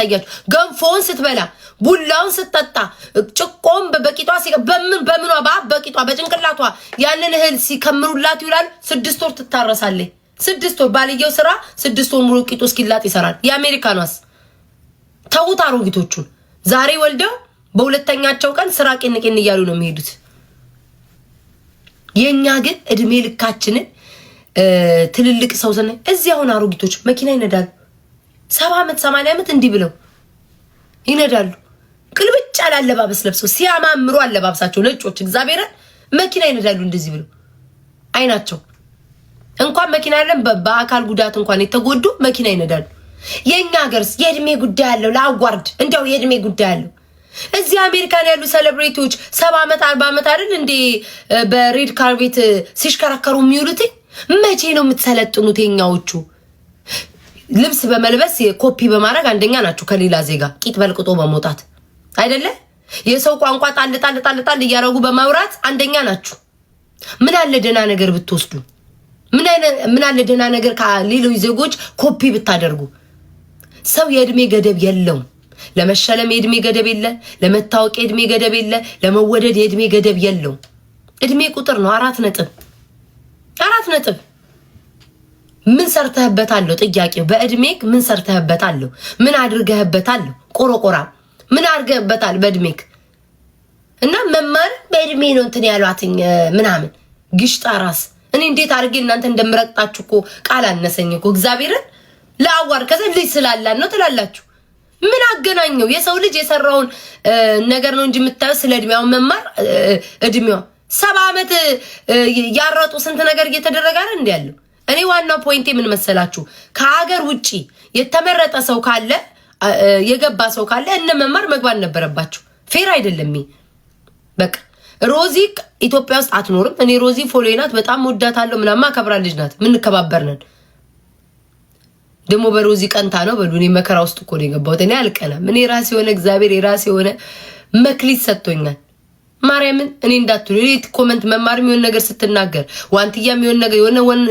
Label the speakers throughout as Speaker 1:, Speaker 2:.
Speaker 1: ታያችሁ ገንፎውን ስትበላ ቡላውን ስትጠጣ ጭቆም በቂጧ በምን በምኗ በአፍ በቂጧ በጭንቅላቷ ያንን እህል ሲከምሩላት ይውላል። ስድስት ወር ትታረሳለች። ስድስት ወር ባልየው ስራ ስድስት ወር ሙሉ ቂጡ እስኪላጥ ይሰራል። የአሜሪካኗስ ተዉት። አሮጊቶቹን ዛሬ ወልደው በሁለተኛቸው ቀን ስራ ቅንቅን እያሉ ነው የሚሄዱት። የእኛ ግን እድሜ ልካችንን ትልልቅ ሰው ዘነ እዚህ አሁን አሮጊቶች መኪና ይነዳል ሰባ ዓመት ሰማንያ ዓመት እንዲህ ብለው ይነዳሉ። ቅልብጭ ያለ አለባበስ ለብሰው ሲያማምሩ አለባበሳቸው ነጮች እግዚአብሔርን መኪና ይነዳሉ እንደዚህ ብለው አይናቸው እንኳን መኪና ያለን በአካል ጉዳት እንኳን የተጎዱ መኪና ይነዳሉ። የእኛ ሀገርስ የእድሜ ጉዳይ አለው ለአዋርድ እንዲያው የእድሜ ጉዳይ አለው። እዚህ አሜሪካን ያሉ ሴሌብሬቲዎች ሰባ ዓመት አርባ ዓመት አይደል እንዴ በሬድ ካርቤት ሲሽከረከሩ የሚውሉት? መቼ ነው የምትሰለጥኑት የኛዎቹ? ልብስ በመልበስ ኮፒ በማድረግ አንደኛ ናችሁ ከሌላ ዜጋ ቂጥ በልቅጦ በመውጣት አይደለ የሰው ቋንቋ ጣል ጣል ጣል ጣል በማውራት አንደኛ ናችሁ። ምን አለ ደህና ነገር ብትወስዱ? ምን አለ ደህና ነገር ከሌሎች ዜጎች ኮፒ ብታደርጉ? ሰው የእድሜ ገደብ የለውም። ለመሸለም የእድሜ ገደብ የለ፣ ለመታወቅ የእድሜ ገደብ የለ፣ ለመወደድ የእድሜ ገደብ የለው። እድሜ ቁጥር ነው። አራት ነጥብ አራት ነጥብ ምን ሰርተህበታለሁ? ጥያቄው በእድሜክ ምን ሰርተህበታለሁ? ምን አድርገህበታለሁ? ቆሮቆራ ምን አድርገህበታል በእድሜክ? እና መማር በእድሜ ነው እንትን ያሏትኝ ምናምን ግሽጣ ራስ እኔ እንዴት አድርጌ እናንተ እንደምረግጣችሁ እኮ ቃል አነሰኝ እኮ እግዚአብሔርን ለአዋር ከዚ ልጅ ስላላት ነው ትላላችሁ። ምን አገናኘው? የሰው ልጅ የሰራውን ነገር ነው እንጂ የምታየው ስለ እድሜያው መማር እድሜዋ ሰባ ዓመት ያረጡ ስንት ነገር እየተደረገ እንዲ ያለው እኔ ዋናው ፖይንቴ ምን መሰላችሁ? ከሀገር ውጪ የተመረጠ ሰው ካለ የገባ ሰው ካለ እነ መማር መግባት ነበረባችሁ። ፌር አይደለም። በቃ ሮዚ ኢትዮጵያ ውስጥ አትኖርም። እኔ ሮዚ ፎሎዬ ናት፣ በጣም ወዳታለሁ። ምናማ ከብራ ልጅ ናት፣ ምንከባበር ነን። ደግሞ በሮዚ ቀንታ ነው በሉ። እኔ መከራ ውስጥ እኮ ነው የገባሁት። እኔ አልቀናም። እኔ ራሴ የሆነ እግዚአብሔር የራሴ የሆነ መክሊት ሰጥቶኛል። ማርያምን እኔ እንዳትሉ ሬት ኮመንት መማር የሚሆን ነገር ስትናገር ዋንትያ የሚሆን ነገር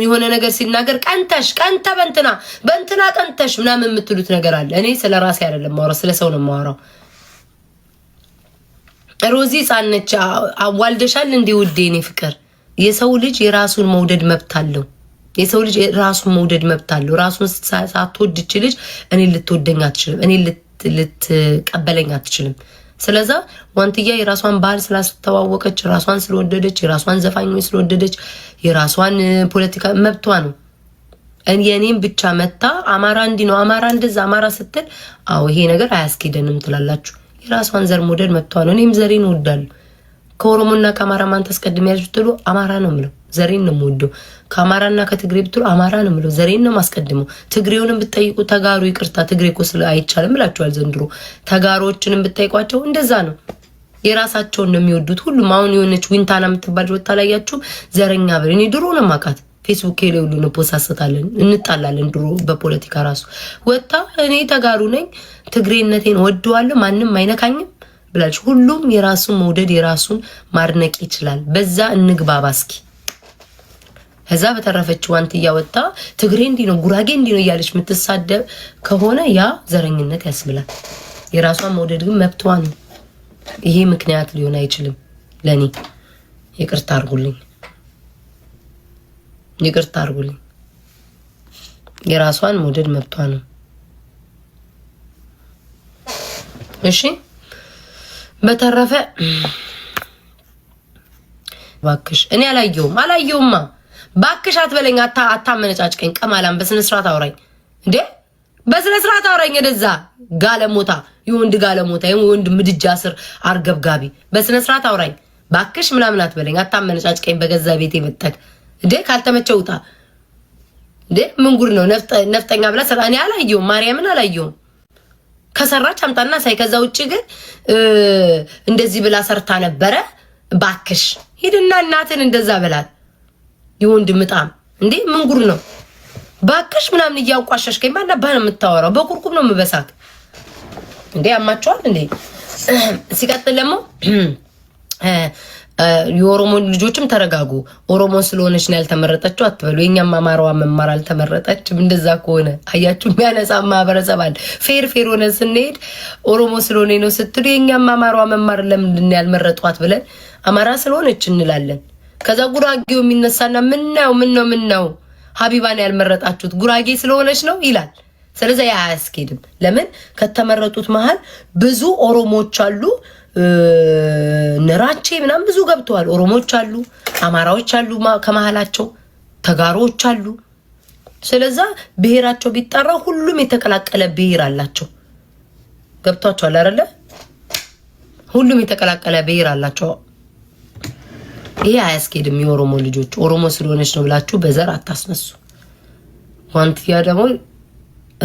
Speaker 1: የሆነ ነገር ሲናገር ቀንተሽ ቀንተ በንትና በንትና ቀንተሽ ምናምን የምትሉት ነገር አለ። እኔ ስለ ራሴ አይደለም ማውራው ስለ ሰው ነው ማውራው። ሮዚ ጻነች አዋልደሻል እንዲ ውዴ፣ እኔ ፍቅር የሰው ልጅ የራሱን መውደድ መብት አለው። የሰው ልጅ ራሱን መውደድ መብት አለው። ራሱን ሳትወድች ልጅ እኔ ልትወደኝ አትችልም። እኔ ልትቀበለኝ አትችልም። ስለዛ ዋንትያ የራሷን ባህል ስላስተዋወቀች ራሷን ስለወደደች የራሷን ዘፋኞች ስለወደደች የራሷን ፖለቲካ መብቷ ነው። የእኔም ብቻ መታ አማራ እንዲ ነው አማራ እንደዛ አማራ ስትል አዎ ይሄ ነገር አያስኬደንም ትላላችሁ። የራሷን ዘር መውደድ መብቷ ነው። እኔም ዘሬን እወዳለሁ። ከኦሮሞና ከአማራ ማን ታስቀድሚያለሽ ብትሉ አማራ ነው የምለው። ዘሬን ነው የምወደው። ከአማራና ከትግሬ ብትሉ አማራ ነው የምለው፣ ዘሬን ነው የማስቀድመው። ትግሬውንም ብትጠይቁ ተጋሩ ይቅርታ፣ ትግሬ እኮ ስለ አይቻልም ብላችኋል ዘንድሮ። ተጋሮዎችንም ብትጠይቋቸው እንደዛ ነው፣ የራሳቸውን ነው የሚወዱት ሁሉም። አሁን የሆነች ዊንታና የምትባል ወታ ላያችሁ ዘረኛ ብር እኔ ድሮ ነው የማውቃት ፌስቡክ ላይ ሁሉ እንፖሳሰታለን እንጣላለን። ድሮ በፖለቲካ ራሱ ወጣ እኔ ተጋሩ ነኝ ትግሬነቴን ወደዋለሁ ማንም አይነካኝም ብላለች። ሁሉም የራሱን መውደድ የራሱን ማድነቅ ይችላል። በዛ እንግባባ እስኪ። ከዛ በተረፈች ዋንት እያወጣ ትግሬ እንዲህ ነው ጉራጌ እንዲህ ነው እያለች የምትሳደብ ከሆነ ያ ዘረኝነት ያስብላል። የራሷን መውደድ ግን መብቷ ነው። ይሄ ምክንያት ሊሆን አይችልም። ለእኔ ይቅርታ አርጉልኝ፣ ይቅርታ አርጉልኝ። የራሷን መውደድ መብቷ ነው። እሺ በተረፈ እባክሽ እኔ አላየውም አላየውማ ባክሽ አትበለኝ፣ አታመነጫጭቀኝ። ቀማላም በስነ ስርዓት አውራኝ እንዴ፣ በስነ ስርዓት አውራኝ። ወደዛ ጋለሞታ፣ የወንድ ጋለሞታ፣ የወንድ ምድጃ ስር አርገብጋቢ፣ በስነ ስርዓት አውራኝ እንደዛ ጋለሞታ የወንድ ጋለሞታ የወንድ ምድጃ ስር አርገብጋቢ በስነ ስርዓት አውራኝ ባክሽ ምናምን አትበለኝ፣ አታመነጫጭቀኝ። በገዛ ቤቴ ብጠቅ እንዴ፣ ካልተመቸውታ እንዴ። ምን ጉድ ነው? ነፍጠኛ ብላ ሰራ። እኔ አላየሁም፣ ማርያምን አላየሁም። ከሰራች አምጣና ሳይ። ከዛ ውጭ ግን እንደዚህ ብላ ሰርታ ነበረ። ባክሽ ሂድና እናትን እንደዛ በላት። የወንድ ምጣም እንዴ ምን ጉር ነው ባክሽ? ምናምን እያንቋሸሽከኝ ማና ባህ ነው የምታወራው። በቁርቁም ነው የምበሳት እንዴ ያማቸዋል እንዴ። ሲቀጥል ደግሞ የኦሮሞ ልጆችም ተረጋጉ። ኦሮሞ ስለሆነች ነው ያልተመረጠችው አትበሉ። የኛም አማራዋ መማር አልተመረጠችም። እንደዛ ከሆነ አያችሁ የሚያነጻ ማህበረሰብ አለ። ፌር ፌር ሆነ ስንሄድ ኦሮሞ ስለሆነ ነው ስትሉ የኛም አማራዋ መማር ለምንድን ያልመረጧት ብለን አማራ ስለሆነች እንላለን። ከዛ ጉራጌው የሚነሳና ምን ነው ምን ነው ምን ነው ሀቢባን ያልመረጣችሁት ጉራጌ ስለሆነች ነው ይላል። ስለዚህ አያስኬድም። ለምን ከተመረጡት መሀል ብዙ ኦሮሞዎች አሉ፣ ንራቼ ምናምን ብዙ ገብተዋል። ኦሮሞዎች አሉ፣ አማራዎች አሉ፣ ከመሀላቸው ተጋሮዎች አሉ። ስለዛ ብሔራቸው ቢጠራ ሁሉም የተቀላቀለ ብሔር አላቸው። ገብቷቸዋል አይደለ? ሁሉም የተቀላቀለ ብሔር አላቸው። ይሄ አያስኬድም። የኦሮሞ ልጆች ኦሮሞ ስለሆነች ነው ብላችሁ በዘር አታስነሱ። ዋንትያ ደግሞ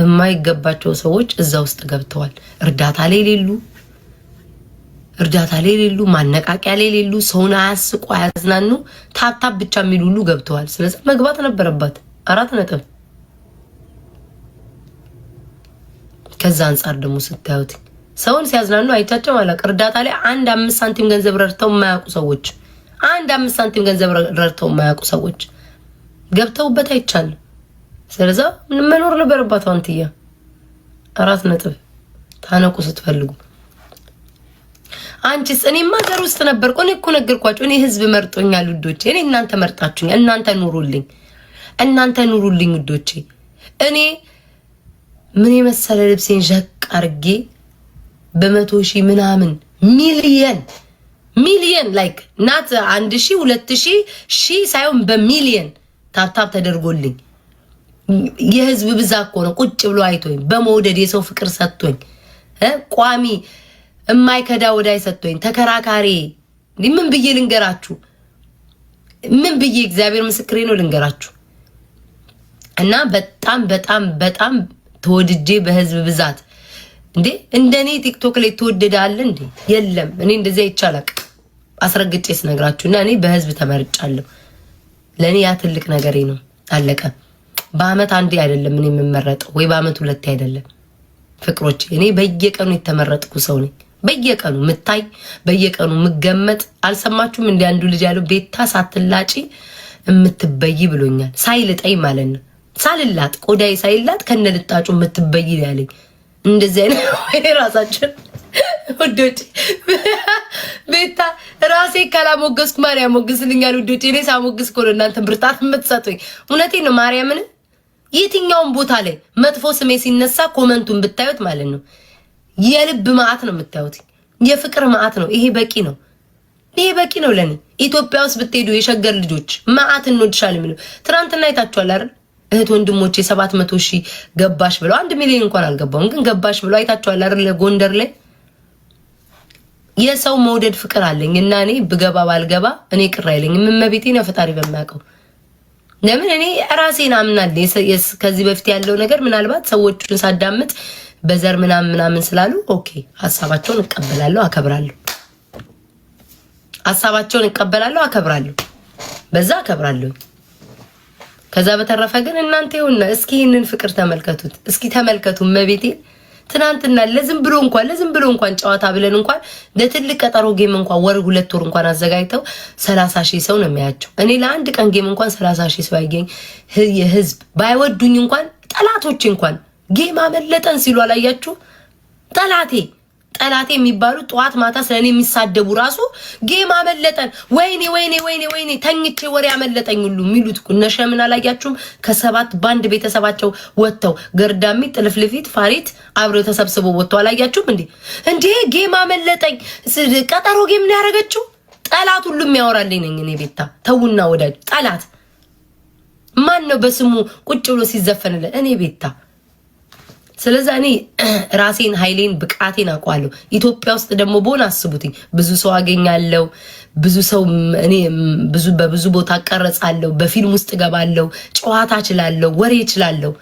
Speaker 1: የማይገባቸው ሰዎች እዛ ውስጥ ገብተዋል። እርዳታ ላይ ሌሉ፣ እርዳታ ላይ ሌሉ፣ ማነቃቂያ ላይ ሌሉ፣ ሰውን አያስቁ፣ አያዝናኑ፣ ታብታብ ብቻ የሚሉ ሁሉ ገብተዋል። ስለዚህ መግባት ነበረባት አራት ነጥብ። ከዛ አንጻር ደግሞ ስታዩት ሰውን ሲያዝናኑ አይቻቸው አላቅ እርዳታ ላይ አንድ አምስት ሳንቲም ገንዘብ ረድተው የማያውቁ ሰዎች አንድ አምስት ሳንቲም ገንዘብ ረድተው የማያውቁ ሰዎች ገብተውበት አይቻል። ስለዛ መኖር ነበረባት አንትያ አራት ነጥብ ታነቁ ስትፈልጉ አንቺስ? እኔማ ሀገር ውስጥ ነበርኩ። እኔ እኮ ነገርኳቸው። እኔ ህዝብ መርጦኛል ውዶቼ። እኔ እናንተ መርጣችሁኛል። እናንተ ኑሩልኝ፣ እናንተ ኑሩልኝ ውዶቼ። እኔ ምን የመሰለ ልብሴን ዠቅ አርጌ በመቶ ሺህ ምናምን ሚሊየን ሚሊየን ላይክ ናት አንድ ሺ ሁለት ሺ ሺ ሳይሆን በሚሊየን ታፕታፕ ተደርጎልኝ የህዝብ ብዛት እኮ ነው። ቁጭ ብሎ አይቶኝ በመውደድ የሰው ፍቅር ሰጥቶኝ ቋሚ እማይከዳ ወዳይ ሰጥቶኝ ተከራካሪ ምን ብዬ ልንገራችሁ? ምን ብዬ እግዚአብሔር ምስክሬ ነው ልንገራችሁ። እና በጣም በጣም በጣም ተወድጄ በህዝብ ብዛት እንዴ እንደኔ ቲክቶክ ላይ ትወደዳለ እንዴ? የለም እኔ እንደዚያ ይቻላል አስረግጬ ስነግራችሁ እና እኔ በህዝብ ተመርጫለሁ። ለእኔ ያ ትልቅ ነገሬ ነው። አለቀ። በአመት አንዴ አይደለም እኔ የምመረጠው ወይ በአመት ሁለቴ አይደለም። ፍቅሮች እኔ በየቀኑ የተመረጥኩ ሰው ነኝ። በየቀኑ ምታይ፣ በየቀኑ ምገመጥ። አልሰማችሁም? እንዲ አንዱ ልጅ ያለው ቤታ ሳትላጪ የምትበይ ብሎኛል። ሳይልጠኝ ማለት ነው። ሳልላጥ ቆዳዬ ሳይላጥ ከነልጣጩ የምትበይ ያለኝ እንደዚህ አይነት ራሳችን ውዶች ቤታ ራሴ ካላሞገስኩ ማርያም ሞግስልኛል። ውዶች እኔ ሳሞግስ እኮ ነው እናንተ ብርታት የምትሰጡኝ። እውነቴን ነው ማርያምን። የትኛውን ቦታ ላይ መጥፎ ስሜ ሲነሳ ኮመንቱን ብታዩት ማለት ነው የልብ ማዕት ነው የምታዩት፣ የፍቅር ማዕት ነው። ይሄ በቂ ነው። ይሄ በቂ ነው ለኔ። ኢትዮጵያ ውስጥ ብትሄዱ የሸገር ልጆች ማዕት እንወድሻል የሚለው ትናንትና አይታችኋል አይደል? እህት ወንድሞቼ ሰባት መቶ ሺህ ገባሽ ብለው አንድ ሚሊዮን እንኳን አልገባውም፣ ግን ገባሽ ብለው አይታችኋል አይደል? ጎንደር ላይ የሰው መውደድ ፍቅር አለኝ እና እኔ ብገባ ባልገባ እኔ ቅር አይለኝ። ነው ፈጣሪ በሚያውቀው ለምን እኔ ራሴን አምናለሁ። ከዚህ በፊት ያለው ነገር ምናልባት ሰዎቹን ሳዳምጥ በዘር ምናምን ምናምን ስላሉ ኦኬ፣ ሀሳባቸውን እቀበላለሁ፣ አከብራለሁ። ሀሳባቸውን እቀበላለሁ፣ አከብራለሁ። በዛ አከብራለሁ። ከዛ በተረፈ ግን እናንተ ይሁንና እስኪ ይህንን ፍቅር ተመልከቱት። እስኪ ተመልከቱ እመቤቴን ትናንትና ለዝም ብሎ እንኳን ለዝም ብሎ እንኳን ጨዋታ ብለን እንኳን ለትልቅ ቀጠሮ ጌም እንኳን ወር ሁለት ወር እንኳን አዘጋጅተው ሰላሳ ሺህ ሰው ነው የሚያቸው። እኔ ለአንድ ቀን ጌም እንኳን ሰላሳ ሺህ ሰው አይገኝ የህዝብ ባይወዱኝ እንኳን ጠላቶች እንኳን ጌም አመለጠን ሲሉ አላያችሁ ጠላቴ ጠላቴ የሚባሉ ጠዋት ማታ ስለኔ የሚሳደቡ ራሱ ጌም አመለጠን፣ ወይኔ ወይኔ ወይኔ ወይኔ ተኝቼ ወሬ አመለጠኝ ሁሉ የሚሉት ነሸምን አላያችሁም? ከሰባት ባንድ ቤተሰባቸው ወጥተው ገርዳሚ፣ ጥልፍልፊት፣ ፋሪት አብረው ተሰብስበው ወጥተው አላያችሁም እንዴ? እንዴ ጌም አመለጠኝ። ቀጠሮ ጌም ነው ያደረገችው። ጠላት ሁሉ የሚያወራልኝ ነኝ እኔ ቤታ። ተውና ወዳጅ ጠላት ማን ነው በስሙ ቁጭ ብሎ ሲዘፈንለን? እኔ ቤታ ስለዛ እኔ ራሴን ኃይሌን ብቃቴን አውቀዋለሁ። ኢትዮጵያ ውስጥ ደግሞ በሆን አስቡትኝ ብዙ ሰው አገኛለሁ፣ ብዙ ሰው እኔ ብዙ በብዙ ቦታ ቀረጻለሁ፣ በፊልም ውስጥ ገባለሁ፣ ጨዋታ እችላለሁ፣ ወሬ እችላለሁ፣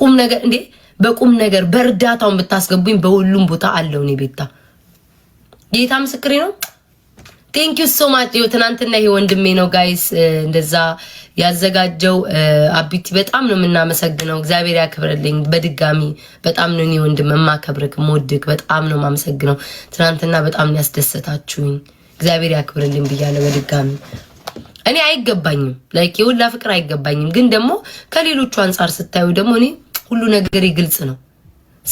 Speaker 1: ቁም ነገር እንዴ በቁም ነገር በእርዳታው የምታስገቡኝ በሁሉም ቦታ አለው። እኔ ቤታ ጌታ ምስክሬ ነው። ቴንክ ዩ ሶ ማች። ትናንትና ይሄ ወንድሜ ነው ጋይስ እንደዛ ያዘጋጀው አቢቲ፣ በጣም ነው የምናመሰግነው። እግዚአብሔር ያክብርልኝ። በድጋሚ በጣም ነው እኔ ወንድም የማከብርህ ሞድክ በጣም ነው የማመሰግነው። ትናንትና በጣም ነው ያስደሰታችሁኝ። እግዚአብሔር ያክብርልኝ ብያለሁ በድጋሚ እኔ አይገባኝም ላይክ የሁላ ፍቅር አይገባኝም፣ ግን ደግሞ ከሌሎቹ አንጻር ስታዩ ደግሞ እኔ ሁሉ ነገር ግልጽ ነው።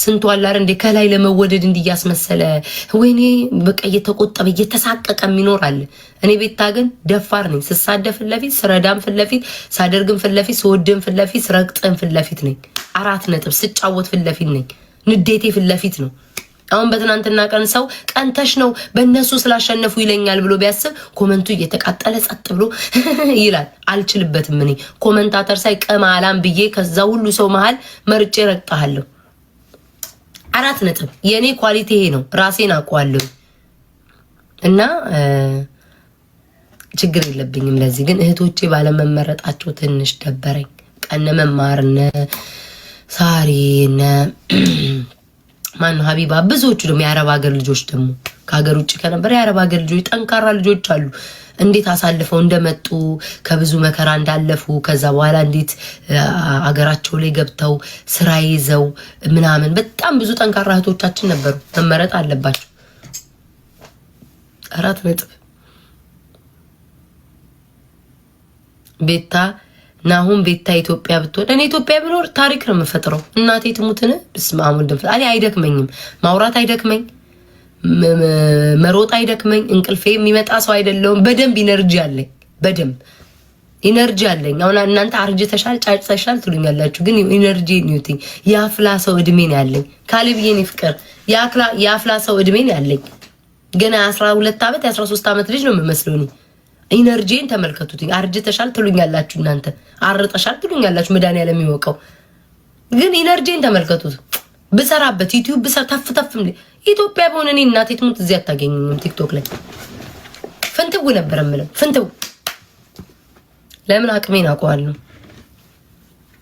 Speaker 1: ስንቱ አላር እንዴ ከላይ ለመወደድ እንዲያስመሰለ ወይኔ በቃ እየተቆጠበ እየተሳቀቀ ይኖራል። እኔ ቤታ ግን ደፋር ነኝ። ስሳደብ ፊት ለፊት፣ ስረዳም ፊት ለፊት፣ ሳደርግም ፊት ለፊት፣ ስወድም ፊት ለፊት፣ ስረግጥም ፊት ለፊት ነኝ። አራት ነጥብ። ስጫወት ፊት ለፊት ነኝ። ንዴቴ ፊት ለፊት ነው። አሁን በትናንትና ቀን ሰው ቀንተሽ ነው በእነሱ ስላሸነፉ ይለኛል ብሎ ቢያስብ ኮመንቱ እየተቃጠለ ጸጥ ብሎ ይላል። አልችልበትም። እኔ ኮመንታተር ሳይ ቀማላም ብዬ ከዛ ሁሉ ሰው መሀል መርጬ ረግጠሃለሁ። አራት ነጥብ። የእኔ ኳሊቲ ይሄ ነው። ራሴን አውቀዋለሁ እና ችግር የለብኝም። ለዚህ ግን እህቶቼ ባለመመረጣቸው ትንሽ ደበረኝ። ቀነ መማር እነ ሳሪ እነ ማነው ሀቢባ ብዙዎቹ ደግሞ የአረብ ሀገር ልጆች ደግሞ ከሀገር ውጭ ከነበረ የአረብ ሀገር ልጆች ጠንካራ ልጆች አሉ። እንዴት አሳልፈው እንደመጡ ከብዙ መከራ እንዳለፉ ከዛ በኋላ እንዴት አገራቸው ላይ ገብተው ስራ ይዘው ምናምን በጣም ብዙ ጠንካራ እህቶቻችን ነበሩ። መመረጥ አለባቸው። አራት ነጥብ። ቤታ ናሁን ቤታ ኢትዮጵያ ብትሆን እኔ ኢትዮጵያ ብኖር ታሪክ ነው የምፈጥረው። እናቴ ትሙትን ስማሙ እንደምፈ አይደክመኝም ማውራት አይደክመኝ መሮጥ አይደክመኝ፣ እንቅልፌ የሚመጣ ሰው አይደለውም። በደንብ ኢነርጂ አለኝ። በደንብ ኢነርጂ አለኝ። አሁን እናንተ አርጅተሻል፣ ጫጭተሻል ትሉኛላችሁ፣ ግን ኢነርጂ ኒውቲ የአፍላ ሰው እድሜ ነው ያለኝ ካሌብዬን ፍቅር የአፍላ ሰው እድሜ ነው ያለኝ ገና የአስራ ሁለት ዓመት የአስራ ሶስት ዓመት ልጅ ነው የምመስለው እኔ። ኢነርጂን ተመልከቱትኝ። አርጅተሻል ትሉኛላችሁ እናንተ፣ አርጠሻል ትሉኛላችሁ። መድኃኒዓለም የሚወቀው ግን ኢነርጂን ተመልከቱት። ብሰራበት ዩቲዩብ ብሰራ ተፍ ተፍ ኢትዮጵያ በሆነ እኔ እናቴ ትሙት እዚህ አታገኙኝም። ቲክቶክ ላይ ፍንትው ነበር የምለው ፍንትው። ለምን አቅሜን አውቀዋለሁ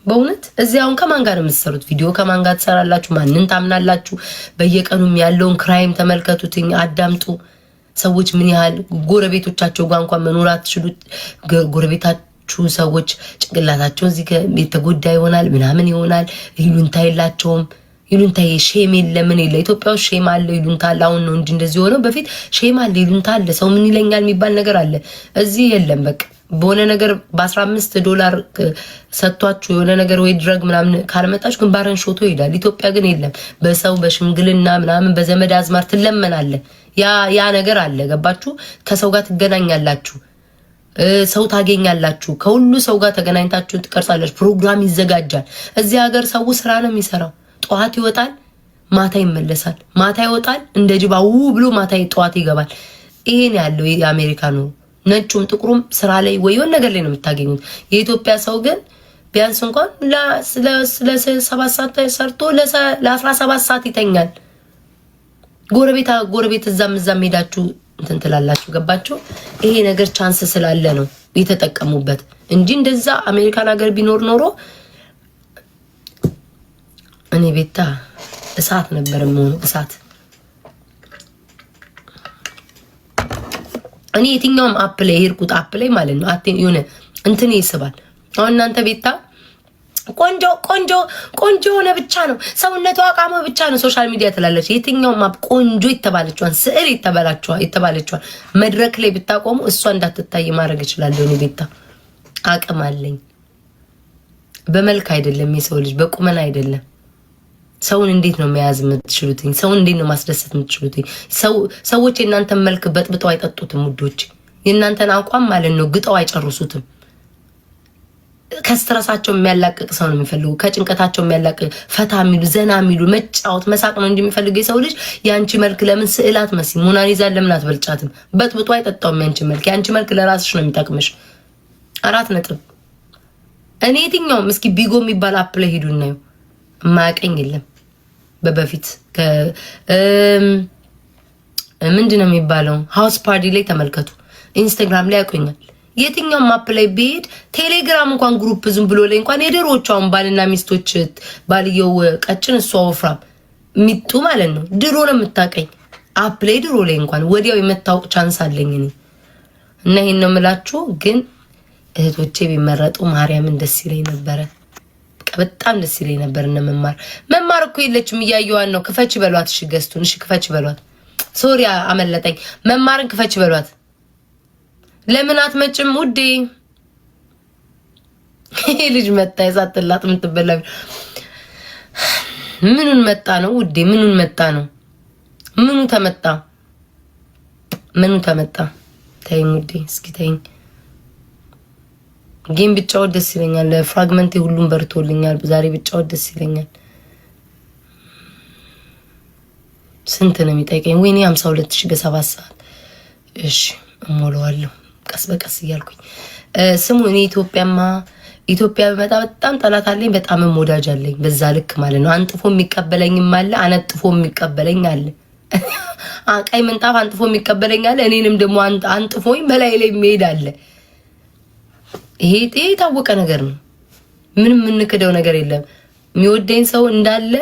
Speaker 1: በእውነት እዚህ አሁን ከማን ጋር የምትሰሩት ቪዲዮ? ከማን ጋር ትሰራላችሁ? ማንን ታምናላችሁ? በየቀኑም ያለውን ክራይም ተመልከቱትኝ፣ አዳምጡ። ሰዎች ምን ያህል ጎረቤቶቻቸው ጋር እንኳን መኖር አትችሉ። ጎረቤታችሁ ሰዎች ጭንቅላታቸው እዚህ የተጎዳ ይሆናል ምናምን ይሆናል። ይሉንታ የላቸውም። ይሉንታ የሼም የለ ምን የለ። ኢትዮጵያ ውስጥ ሼም አለ፣ ይሉንታ አለ። አሁን ነው እንጂ እንደዚህ ሆነው፣ በፊት ሼም አለ፣ ይሉንታ አለ፣ ሰው ምን ይለኛል የሚባል ነገር አለ። እዚህ የለም። በቃ በሆነ ነገር በ15 ዶላር ሰጥቷችሁ የሆነ ነገር ወይ ድረግ ምናምን ካልመጣች ግን ባረን ሾቶ ይሄዳል። ኢትዮጵያ ግን የለም። በሰው በሽምግልና ምናምን በዘመድ አዝማር ትለመናለ። ያ ያ ነገር አለ። ገባችሁ? ከሰው ጋር ትገናኛላችሁ፣ ሰው ታገኛላችሁ። ከሁሉ ሰው ጋር ተገናኝታችሁ ትቀርጻለች። ፕሮግራም ይዘጋጃል። እዚህ ሀገር ሰው ስራ ነው የሚሰራው ጠዋት ይወጣል፣ ማታ ይመለሳል፣ ማታ ይወጣል፣ እንደ ጅባ ው ብሎ ማታ ጠዋት ይገባል። ይሄን ያለው የአሜሪካ ነው። ነጩም ጥቁሩም ስራ ላይ ወይ የሆነ ነገር ላይ ነው የምታገኙት። የኢትዮጵያ ሰው ግን ቢያንስ እንኳን ለሰባት ሰዓት ሰርቶ ለአስራ ሰባት ሰዓት ይተኛል። ጎረቤት ጎረቤት እዛም እዛም ሄዳችሁ እንትን ትላላችሁ። ገባችሁ? ይሄ ነገር ቻንስ ስላለ ነው የተጠቀሙበት እንጂ እንደዛ አሜሪካን ሀገር ቢኖር ኖሮ እኔ ቤታ እሳት ነበር የምሆነው። እሳት እኔ የትኛውም አፕ ላይ የሄድኩት አፕ ላይ ማለት ነው የሆነ እንትን ይስባል። አሁን እናንተ ቤታ ቆንጆ ቆንጆ ቆንጆ የሆነ ብቻ ነው ሰውነቷ አቋመ ብቻ ነው ሶሻል ሚዲያ ትላለች። የትኛውም አፕ ቆንጆ የተባለችዋን ስዕል የተባለችዋን መድረክ ላይ ብታቆሙ እሷ እንዳትታይ ማድረግ እችላለሁ። እኔ ቤታ አቅም አለኝ። በመልክ አይደለም የሰው ልጅ በቁመና አይደለም ሰውን እንዴት ነው መያዝ የምትችሉትኝ? ሰውን እንዴት ነው ማስደሰት የምትችሉትኝ? ሰዎች የእናንተን መልክ በጥብጠው አይጠጡትም ውዶች። የእናንተን አቋም ማለት ነው ግጠው አይጨርሱትም። ከስትረሳቸው የሚያላቅቅ ሰው ነው የሚፈልጉ፣ ከጭንቀታቸው የሚያላቅቅ ፈታ የሚሉ ዘና የሚሉ መጫወት መሳቅ ነው እንጂ የሚፈልጉ የሰው ልጅ የአንቺ መልክ ለምን ስዕላት መሲ ሞናሊዛን ለምን አትበልጫትም? በጥብጦ አይጠጣውም የአንቺ መልክ። የአንቺ መልክ ለራስሽ ነው የሚጠቅምሽ። አራት ነጥብ። እኔ የትኛውም እስኪ ቢጎ የሚባል አፕ ላይ ሂዱ እናየው። የማያቀኝ የለም። በበፊት ምንድን ነው የሚባለው ሀውስ ፓርቲ ላይ ተመልከቱ። ኢንስታግራም ላይ ያቆኛል። የትኛውም አፕ ላይ ብሄድ ቴሌግራም እንኳን ግሩፕ ዝም ብሎ ላይ እንኳን የድሮቹ አሁን ባልና ሚስቶች ባልየው ቀጭን እሷ ወፍራም ሚጡ ማለት ነው። ድሮ ነው የምታቀኝ አፕ ላይ ድሮ ላይ እንኳን ወዲያው የመታወቅ ቻንስ አለኝ እኔ እና ይሄን ነው የምላችሁ። ግን እህቶቼ ቢመረጡ ማርያምን ደስ ይለኝ ነበረ። በቃ በጣም ደስ ይለኝ ነበር። እነ መማር መማር እኮ የለችም እያየዋን ነው። ክፈች በሏት። እሺ ገዝቱን፣ እሺ ክፈች በሏት። ሶሪ አመለጠኝ። መማርን ክፈች በሏት። ለምን አትመጭም ውዴ? ይሄ ልጅ መጣ የሳትላት የምትበላ ምኑን መጣ ነው ውዴ? ምኑን መጣ ነው? ምኑ ተመጣ? ምኑ ተመጣ? ተይኝ ውዴ፣ እስኪ ተይኝ። ጌም ብጫወት ደስ ይለኛል። ፍራግመንት ሁሉም በርቶልኛል። ዛሬ ብጫወት ደስ ይለኛል። ስንት ነው የሚጠይቀኝ? ወይኔ ሀምሳ ሁለት ሺ በሰባት ሰዓት እሺ፣ እሞላዋለሁ ቀስ በቀስ እያልኩኝ። ስሙ እኔ ኢትዮጵያማ ኢትዮጵያ በመጣ በጣም ጠላት አለኝ፣ በጣምም ወዳጅ አለኝ። በዛ ልክ ማለት ነው። አንጥፎ የሚቀበለኝም አለ፣ አነጥፎ የሚቀበለኝ አለ። ቀይ ምንጣፍ አንጥፎ የሚቀበለኝ አለ፣ እኔንም ደግሞ አንጥፎኝ በላይ ላይ የሚሄድ አለ። ይሄ የታወቀ ነገር ነው። ምንም የምንክደው ነገር የለም። የሚወደኝ ሰው እንዳለ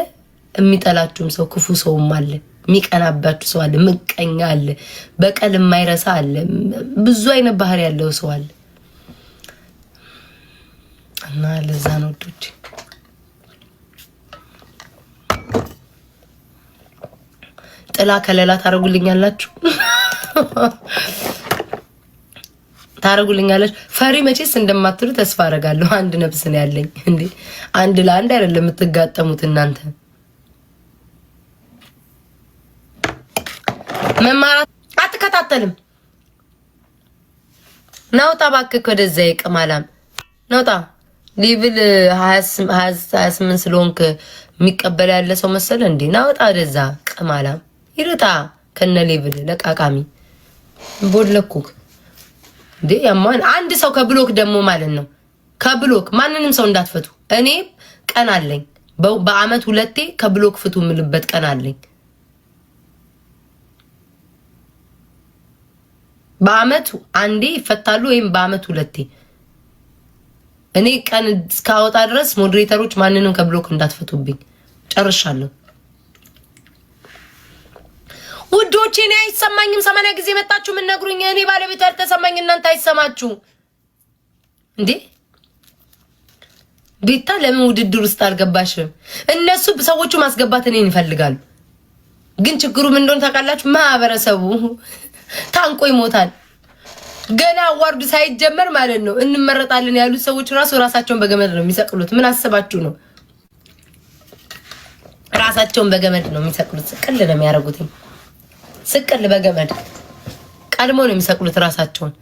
Speaker 1: የሚጠላችሁም ሰው ክፉ ሰውም አለ፣ የሚቀናባችሁ ሰው አለ፣ ምቀኛ አለ፣ በቀል የማይረሳ አለ፣ ብዙ አይነት ባህሪ ያለው ሰው አለ እና ለዛ ነው ወዶች ጥላ ከለላ ታደርጉልኛላችሁ። ታደርጉልኛለች። ፈሪ መቼስ እንደማትሉ ተስፋ አደርጋለሁ። አንድ ነብስን ያለኝ። እንዴ አንድ ለአንድ አይደለም የምትጋጠሙት እናንተ መማራት አትከታተልም። ናውጣ እባክህ ወደዛ ይቀማላም ናውጣ ሌቭል 28 ስለሆንክ የሚቀበል ያለ ሰው መሰለ እንዴ? ናውጣ ወደዛ ቅማላም ይርጣ ከነ ሊብል ለቃቃሚ ቦድለኩክ ያማን አንድ ሰው ከብሎክ ደግሞ ማለት ነው። ከብሎክ ማንንም ሰው እንዳትፈቱ። እኔ ቀን አለኝ በአመት ሁለቴ ከብሎክ ፍቱ የምልበት ቀን አለኝ። በአመት አንዴ ይፈታሉ ወይም በአመት ሁለቴ። እኔ ቀን እስካወጣ ድረስ ሞዴሬተሮች ማንንም ከብሎክ እንዳትፈቱብኝ። ጨርሻለሁ። ውዶቼ እኔ አይሰማኝም። ሰማንያ ጊዜ መጣችሁ የምነግሩኝ እኔ ባለቤት ያልተሰማኝ እናንተ አይሰማችሁ እንዴ? ቤታ ለምን ውድድር ውስጥ አልገባሽም? እነሱ ሰዎቹ ማስገባት እኔን ይፈልጋሉ። ግን ችግሩ ምን እንደሆነ ታውቃላችሁ? ማህበረሰቡ ታንቆ ይሞታል። ገና አዋርዱ ሳይጀመር ማለት ነው እንመረጣለን ያሉት ሰዎች ራሱ ራሳቸውን በገመድ ነው የሚሰቅሉት። ምን አስባችሁ ነው? ራሳቸውን በገመድ ነው የሚሰቅሉት። ቅል ነው የሚያደርጉትኝ ስቅል በገመድ ቀድሞ ነው የሚሰቅሉት ራሳቸውን።